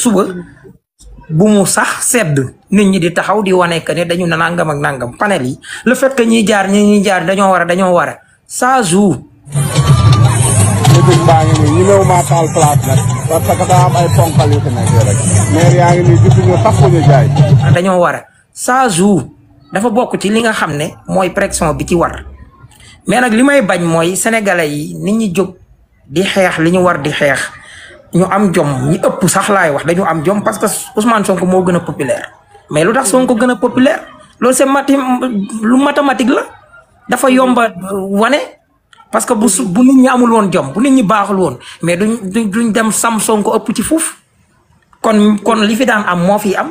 suba bu mu sax sedd nit ñi di taxaw di wane ka ne dañu ne nangam ak nangam panel yi le fait que jaar ñi ñuy jaar dañoo war a dañoo war a ça joue. meeting baa dañoo war a ça joue dafa bokk ci li nga xam ne mooy pression bi ci war mais nag li may bañ mooy sénégalais yi nit ñi jóg di xeex li ñu war di xeex. ñu am jom ñu ëpp sax laay wax dañu am jom parce que Ousmane Sonko moo gën a populaire mais lu tax sonk gën a populaire loolu c'est mati lu mathématique la dafa yomba wane parce que bu su bu nit ñi amul woon jom bu nit ñi baaxul woon mais duñ duñ dem sam Sonko ëpp ci fuuf kon kon li fi daan am moo fi am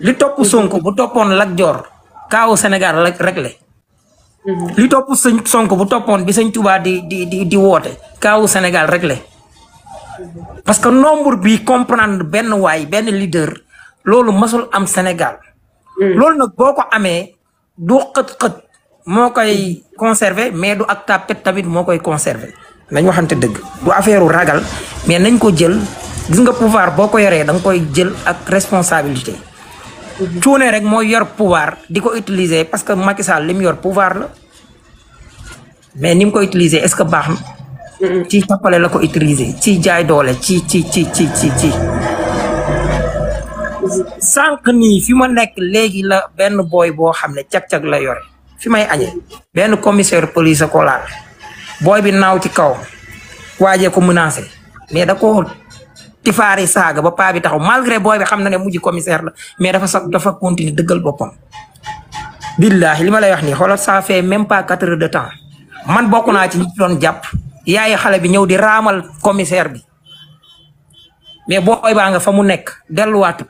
li topp sonk bu toppoon Lat Joor kaaw Sénégal la mhm. li topp sëñ Sonko bu toppoon bi sëñ Tuubaa di di di di woote kaaw Sénégal réglé parce que nombre bi comprendre benn waay benn leader loolu masul am Sénégal. Hmm. loolu nag boo ko amee du xët xët moo koy conserver mais du ak tapet tamit moo koy conserver. nañ waxante dëgg du affaire ragal mais nañ ko jël gis nga pouvoir boo ko yoree da nga koy jël ak responsabilité. Hmm. cuune rek mooy yor pouvoir di ko utiliser parce que Macky Sall yor pouvoir la mais ni mu ko utiliser est-ce que baax na. ci tappale la ko utiliser ci jaay doole ci ci ci ci ci ci sànq nii fi ma nekk léegi la benn booy boo xam ne cag-cag la yore fi may añee benn commissaire police a booy bi naaw ci kaw waajee ko menacé mais da ko tifaari saaga ba paa bi taxaw malgré booy bi xam na ne mujj commissaire la mais dafa sax dafa continuer dëggal boppam billaahi li ma lay wax nii xoolal ça même pas quatre de temps man bokk naa ci ñi doon jàpp yaay xale bi ñëw di raamal commissaire bi mais booy baa nga fa mu nekk delluwaatu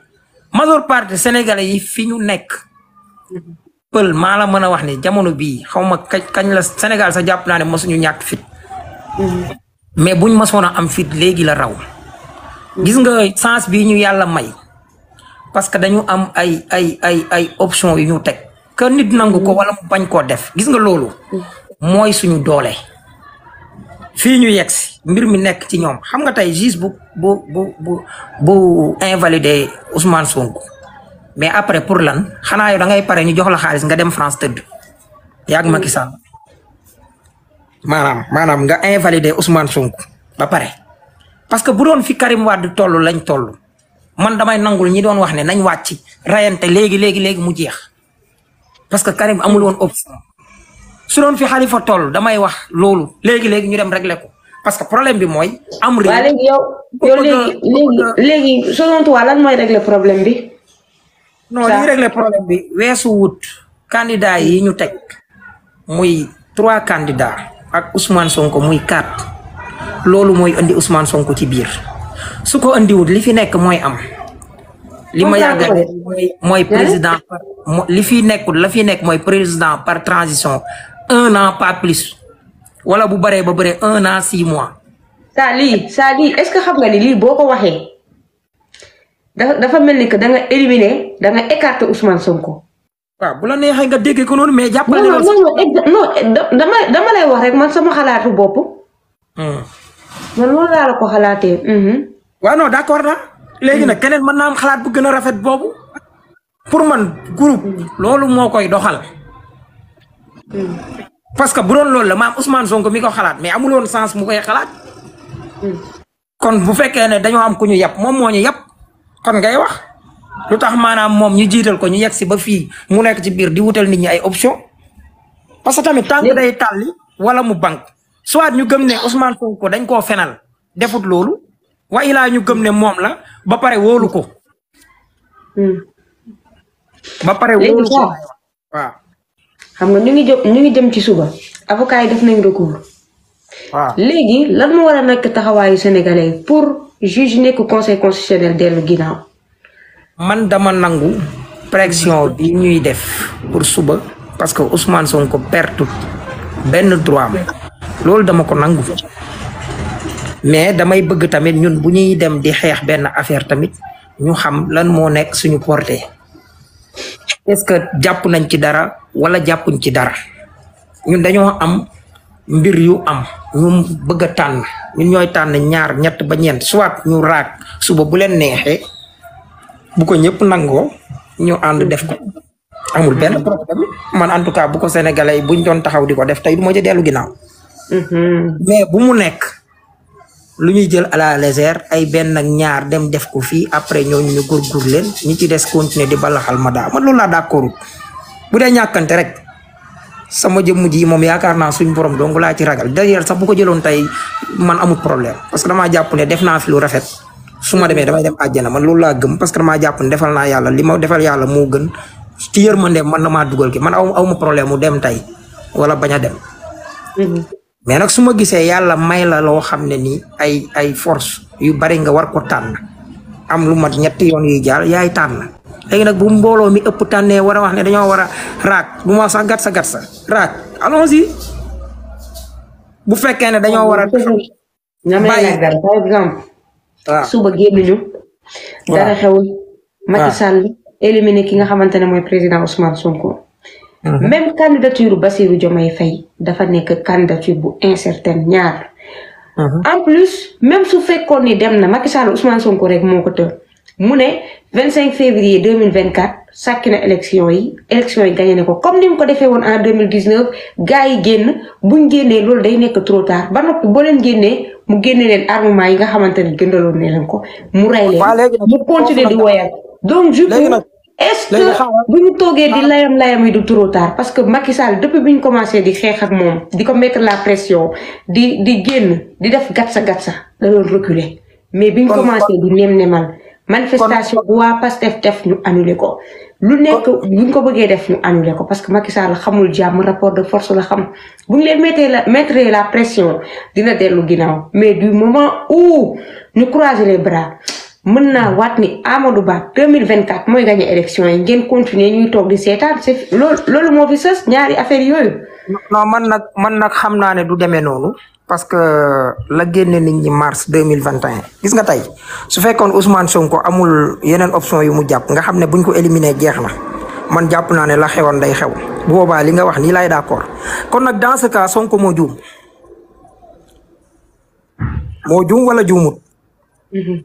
majeure partie sénégalais yi fi ñu nekk pël maa la mën a wax ne jamono bii ma kañ la Sénégal sa jàpp naa ne mosuñu ñàkk fit mais buñ mosoon a am fit léegi la raw gis nga sance bi ñu yàlla may parce que dañu am ay ay ay ay option yu ñu teg que nit nangu ko wala mu bañ koo def gis nga loolu mm. mooy suñu doole fii ñu yegg si mbir mi nekk ci ñoom xam nga tey juge bu bu bu bu bu invalidé Ousmane Sonko mais après pour lan xanaa yow da ngay pare ñu jox la xaalis nga dem France tëdd ma ki Sall maanaam maanaam nga invalidé Ousmane Sonko ba pare parce que bu doon fi Karim Wade tollu lañ toll man damay nangul ñi doon wax ne nañ wàcc rayante léegi léegi léegi mu jeex parce que Karim amul woon option su doon fi xalifa toll damay wax loolu léegi léegi ñu dem régler ko parce que problème bi mooy. am réew waaw léegi yow yow mooy problème bi. non bi weesu wut. candidat yi ñu teg muy trois candidats ak Ousmane Sonko muy quatre loolu mooy indi Ousmane Sonko ci biir su ko indiwut li fi nekk mooy am. li ma yàgg mooy mooy président li fi nekkul la fi nekk mooy président par transition. un an pas plus wala bu baree ba baree un an six mois. saa lii saa lii est-ce que xam nga ni lii boo ko waxee dafa mel ni que da nga éliminer da nga écarter Ousmane Sonko. bu la neexee nga déggee ko noonu mais. jàppale non non eh, dama lay wax rek man sama xalaatu bopp. Hmm. man loolu laa la ko xalaatee. Mhm. waaw non d'accord da léegi nag keneen mën naa xalaat bu gën a rafet boobu pour man groupe loolu moo koy doxal. parce que bu doon loolu la maam Ousmane Sonko mi ko xalaat mais amuloon sens mu koy xalaat. kon bu fekkee ne dañoo am ku ñu yab moom mooñu ñu yab kon ngay wax lu tax maanaam moom ñu jiital ko ñu yegg si ba fii mu nekk ci biir di wutal nit ñi ay option parce que tamit tànk day tàlli wala mu bank soit ñu gëm ne Ousmane ko dañ koo fenal defut loolu waaye laa ñu gëm ne moom la ba pare wóolu ko. Hmm. ba pare wóolu ko waaw. xam nga ñu ngi jëm ñu ngi jëm ci suba avocat yi def nañ recours. waaw ah. léegi lan moo war a nekk taxawaayu sénégalais pour juge nekk conseil constitutionnel dellu ginnaaw. man dama nangu pression bi ñuy def pour suba parce que Ousmane Sonko perte benn droit am loolu dama ko nangu fa mais damay bëgg tamit ñun bu ñuy dem di xeex benn affaire tamit ñu xam lan moo nekk suñu portée. est-ce que jàpp nañ ci dara wala jàppuñ ci dara ñun dañoo am mbir yu am ñu bëgg a tànn ñu ñooy tànn ñaar ñett ba ñeent soit ñu raag suba bu leen neexee bu ko ñëpp nangoo ñu ànd def ko amul benn problème man en tout cas bu ko sénégalais yi buñ doon taxaw di ko def tey du ma ca dellu ginnaaw mm-hmm. mais bu mu nekk lu ñuy jël à la légère ay benn ñaar dem def ko fii après ñooñu ñu góorgóor leen ñi ci des continuer di balaxal ma daa man loolu laa d'accord bu dee ñàkkante rek sama jëm jëmm ji moom yaakaar naa suñ borom dong laa ci ragal d'ailleurs sax bu ko jëloon tey man amul problème parce que damaa jàpp ne def naa fi lu rafet suma demee damay dem àjjana man loolu laa gëm parce que damaa jàpp ne defal naa yàlla li ma defal yàlla moo gën ci yërmande man na maa dugal ki man aw aw ma problème mu dem tey wala bañ a dem. Mm-hmm. mais nag su ma gisee yàlla may la loo xam ne nii ay ay force yu bari nga war ko tànn am lu mat ñetti yoon yuy jaar yaay tànn léegi nag bu mbooloo mi ëpp tànnee war a wax ne dañoo war a raag bu ma sax gat sa gat raag allons-y bu fekkee ne dañoo war a. bàyyi dara par exemple. waaw suba génnuñu. dara xewul. Macky Sall éliminé ki nga xamante ne mooy président Ousmane Sonko. Mhm. même candidature Bassirou Diomaye Faye dafa nekk candidature bu incertaine ñaar. Mhm. en plus même su fekkoon ni dem na Macky Sall Ousmane Sonko rek moo ko tër mu ne 25 février 2024 sàkki na élection yi élection yi gagné na ko comme ni mu ko defee woon en 2019 gars yi génn bu génnee loolu day nekk trop tard ba noppi boo leen génnee mu génne leen armement yi nga xamante ne gëndaloon ne ko mu rey leen mu continuer di woyal donc je est-ce que bu ñu toogee di layam layam yi du trop tard parce que Macky Sall depuis bi di xeex moom di ko mettre la pression di di génn di def gatsa gatsa da doon reculer mais bi ñu commencé di nem nemal manifestation bu waa Pastef def ñu annulé ko lu nekk ñu ko bëggee def ñu annulé ko parce que Macky Sall xamul jàmm rapport de force la xam bu ñu leen mettee la mettre la pression dina dellu ginnaaw mais du moment où ñu croiser les mën naa waat ni Amadou Ba 2024 mooy gagné élection yi ngeen continuer ñuy toog di seetaan c'est loolu moo fi sës ñaari affaire yooyu. non man nag man nag xam naa ne du demee noonu. parce que la génne nit ñi mars 2021 gis nga tey su fekkoon Ousmane Sonko amul yeneen option yu mu jàpp nga xam ne buñ ko éliminer jeex na man jàpp naa ne la xewoon day xew bu boobaa li nga wax nii lay d'accord kon nag dans ce cas Sonko moo juum moo wala juumut. Mm-hmm.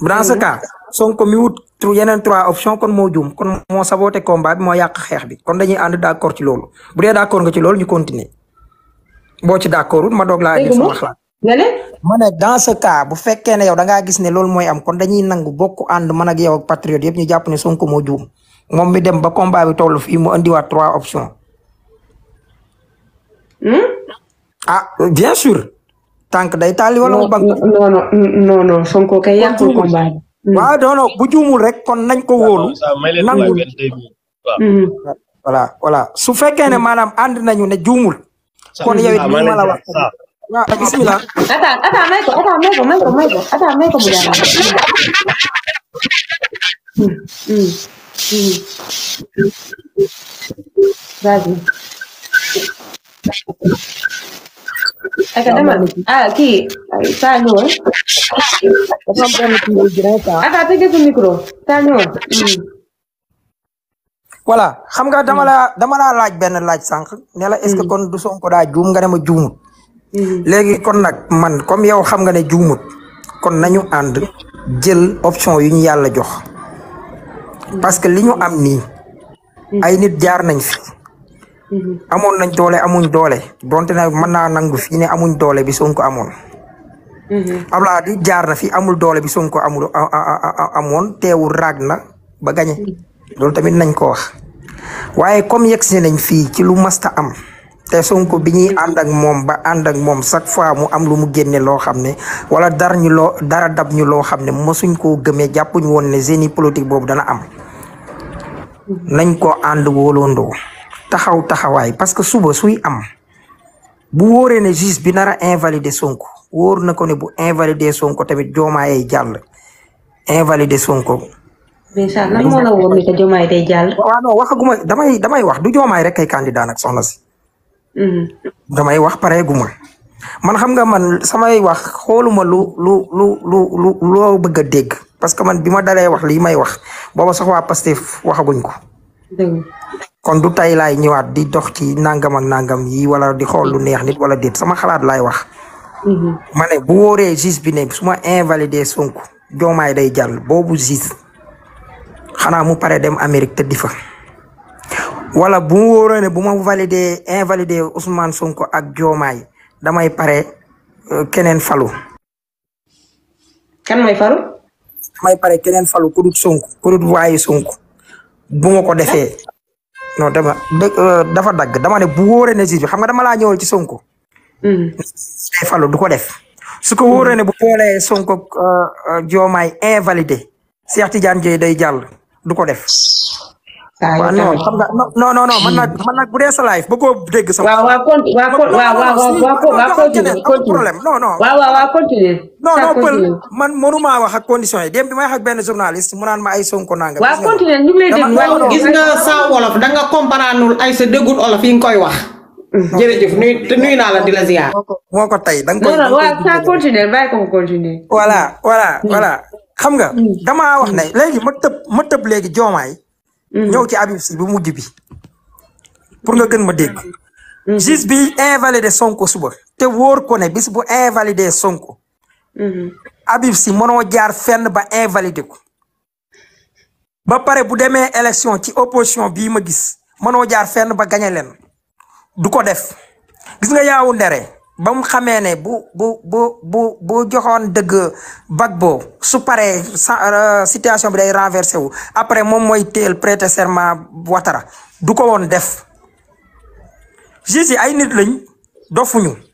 dans ce cas Sonko mi wut yeneen trois options kon moo juum kon moo saboté combat bi moo yàq xeex bi kon dañuy ànd d' accord ci loolu bu dee d' accord nga ci loolu ñu continuer boo ci d' accordul ma doog laa indi ma ne dans ce bu fekkee ne yow da ngaa gis ne loolu mooy am kon dañuy nangu bokk ànd man ak yow ak patriote yëpp ñu jàpp ne Sonko moo juum moom mi dem ba combat bi tol fi mu andiwaat trois options. Hmm? ah bien sûr. tànk day taali wala mu. banque non Sonko kay yàqul combat bu juumul rek kon nañ ko wóolu. nangul voilà voilà su fekkee ne maanaam ànd nañu ne juumul. kon yow it ma la wax. waaw bisimilah. attends attends may kii saa ñëwal. dafa xam nga dama laa dama laa laaj benn laaj sànq. ne la est-ce que kon du Sonko daa juum nga ne ma juumut. Hmm. léegi kon nag man comme yow xam nga ne juumut kon nañu ànd jël option yu ñu yàlla jox. parce que li ñu am nii. Hmm. ay nit jaar nañ fi. Mm-hmm. amoon nañ doole amuñ doole donte na mën naa nangu fii ne amuñ doole bi Sonko amoon. Mm-hmm. Abdoulaye di jaar na fi amul doole bi Sonko amul amoon teewul raag na ba gañe mm-hmm. loolu tamit nañ ko wax waaye comme yegg si nañ fii ci lu masta am te Sonko bi ñuy ànd ak moom ba ànd ak moom chaque fois mu am lu mu génne loo xam ne wala dara loo dara dab ñu loo xam ne mosuñ koo gëmee jàppuñ woon ne génie politique boobu dana am nañ ko ànd wóoloondoo taxaw taxawaay parce que suba suy am bu wóoree ne juge bi nar a invalider Sonko wóor na ko ne bu invalider Sonko tamit joomaayay jàll invalider Sonko. Vincent day jàll. waxaguma damay damay wax du joomaay rek kay candidat nag soxna si. Mm-hmm. damay wax pareeguma man xam nga man samay wax xooluma lu lu lu lu lu loo bëgg a dégg parce que man bi ma dalee wax lii may wax booba sax waa Pastef waxaguñ ko. kon du tay ñëwaat di dox ci nangam nangam yi wala di xool lu neex nit wala déet sama xalaat laay wax. Mhm. ma bu wooree gis bi ne su ma invalidé Sonko joomaay day jàll boobu gis xanaa mu pare dem Amérique te di fa. wala bu mu ne bu ma validé invalidé Ousmane Sonko ak joomaay damay pare euh, keneen falu. may pare keneen falu ku dul sunk ku dul waayu Sonko bu ma ko defee. non dama euh, dafa dagg dama ne bu wóoree ne juge bi xam nga dama laa ñëwal ci Sonko. day hmm. falu du ko def. su ko wóoree ne bu boolee Sonko euh, euh, Diomaye invalidé Cheikh Tidiane Dièye day jàll du ko def. waaw non xam nga man nag bu dee sa live bëggoo dégg sama. waaw waaw conti waaw waaw problème continuer. non non pël man mënuma wax ak condition yi dem bi may wax ak benn journaliste mu naan ma ay sonko nangam. waaw continuer ñu ngi lay yi koy wax. jërëjëf nuyu di la ziar. moo ko tey da continuer bàyyi ko mu continuer. voilà mm. voilà xam nga mm. dama wax ne léegi ma tëb ma tëb léegi joomaay Mhm. ñëw ci Habib Sy bu mujj bi pour nga gën ma dégg. juge mhm. bi invalidé Sonko suba te wóor ko ne bis bu invalider Sonko. Mhm. Habib Sy mënoo jaar fenn ba invalidé ko. ba pare bu demee élection ci opposition bii ma gis mënoo jaar fenn ba gañe leen du ko def gis nga yaawu ndere. ba mu xamee ne bu bu bu bu bu joxoon dëgg Gbagbo su paree euh, situation bi day renversé wu après moom mooy teel prêter serment Ouattara du ko woon def juge yi ay nit lañ dofuñu